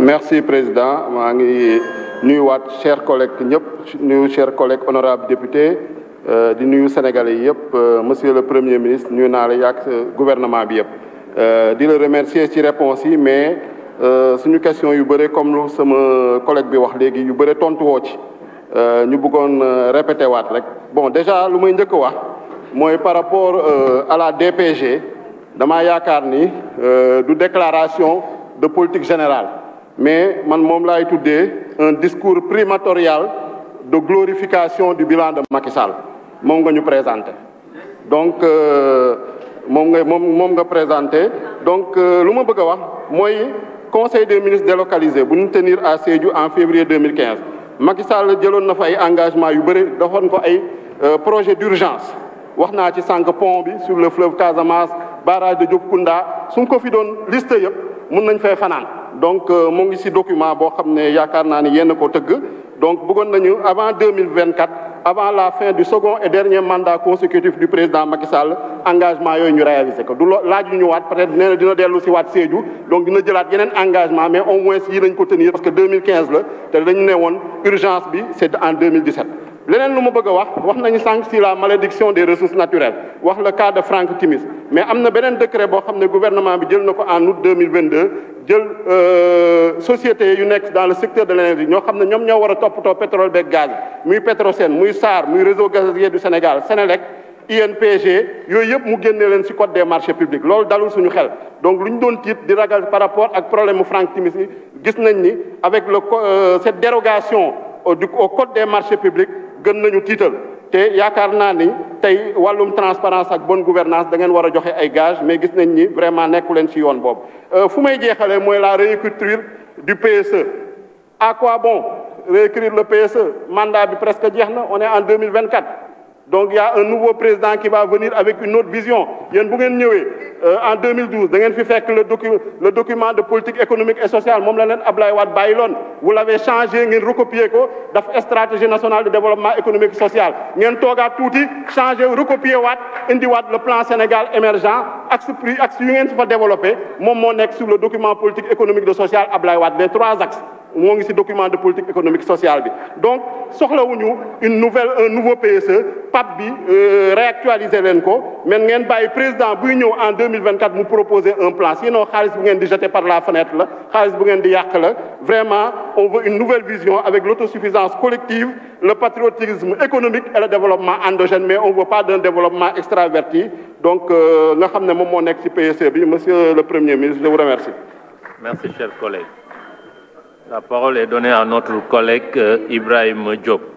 merci président maa ngi nuyuwaat cher collègues ñëpp nuyu chers collègues honorables députés euh, di nuyu sénégalais yëpp euh, monsieur le premier ministre nuyu naa la yàgg gouvernement bi yëpp. Euh, di la remercier ci réponse yi mais suñu question yu bëre comme sama collègue bi wax léegi yu bëre tontu woo ci ñu buggoon répété waat rek bon déjà lu may njëkk wax mooy par rapport à la DPG damaa yaakaar ni du déclaration de politique générale. mais man moom laay tuddee un discours primatorial de glorification du bilan de Macky Sall moom nga ñu présenté donc euh, moom nga moom moom nga présenté donc euh, lu ma bëgg a wax mooy conseil des de délocalisé bu ñu tenir à Sédhiou en février 2015 Macky Sall jëloon na fa ay engagement yu bëri doxoon ko ay euh, projet d'urgence wax naa ci sànq pont bi sur le fleuve Casamance barrage de Diop Kounda suñ ko fi doon liste yëpp mun nañ fay fanaan donc euh, moo ngi si document boo xam ne yaakaar naa ne yéen ko tëgg donc bëggoon nañu avant deux mille vingt quatre avant la fin du second et dernier mandat consécutif du président Macky Sall engagement yooyu ñu réalisé ko du laaj yu ñu waat peut être nee na dina dellu si waat Sédhiou donc dina jëlaat yeneen engagement mais au moins yi nañ ko tenir parce que deux mille quinze la te dañu ne woon urgence bi c' en leneen lu ma bëgg a wax wax nañu sànq si la malédiction des ressources naturelles wax le cas de Franck Timis mais am na beneen décret boo xam ne gouvernement bi jël na ko en août 2022 jël euh, société yu nekk dans le secteur de l'énergie ñoo xam ne ñoom ñoo war a toppatoo pétrole beeg gaz muy Petrosen muy SAR muy réseau gazier du Sénégal Sénélec INPG yooyu yëpp mu génne leen ci code des marché publics loolu dalul suñu xel donc lu ñu doon tiit di ragal par rapport a problème mu Franck Timis gis nañ ni avec le euh, cette dérogation au code des marchés publics gën nañu tiital te yaakaar naa ni tey wàllum transparence ak bon gouvernance da ngeen war a joxe ay gage mais gis nañ ni vraiment nekku leen ci yoon boobu euh, fu may jeexalee mooy la réécriture du PSE à quoi bon réécrire le PSE mandat bi presque jeex na on est en 2024 donc ya y un nouveau président qui va venir avec une autre vision yéen bu ngeen ñëwee euh, en 2012 da ngeen fi fekk le docu le document de politique économique et sociale moom la leen Ablaye Wade bàyyi loon vous l'avez changé ngeen recopier ko daf stratégie nationale de développement économique et social ngeen toogaat tuuti changé recopier waat indi waat le plan Sénégal émergent axe prix axe yu ngeen fa développé moom moo nekk sur le document politique économique et social Ablaye Wade les trois moo ngi ci document de politique économique sociale bi donc soxlawuñu une nouvelle un nouveau PSE PAP bi euh, réactualiser leen ko mais ngeen bàyyi président buy ñëw en 2024 mu proposer un plan sinon xaalis bu ngeen di jeter par la fenêtre la xaalis bu ngeen di yàq la vraiment on veut une nouvelle vision avec l'autosuffisance collective le patriotisme économique et le développement endogène mais on veut pas d'un développement extraverti donc euh, nga xam moom moo nekk ci PSE bi monsieur le premier mi je vous remercie merci chers La parole est donnée à notre collègue euh, Ibrahim Diop.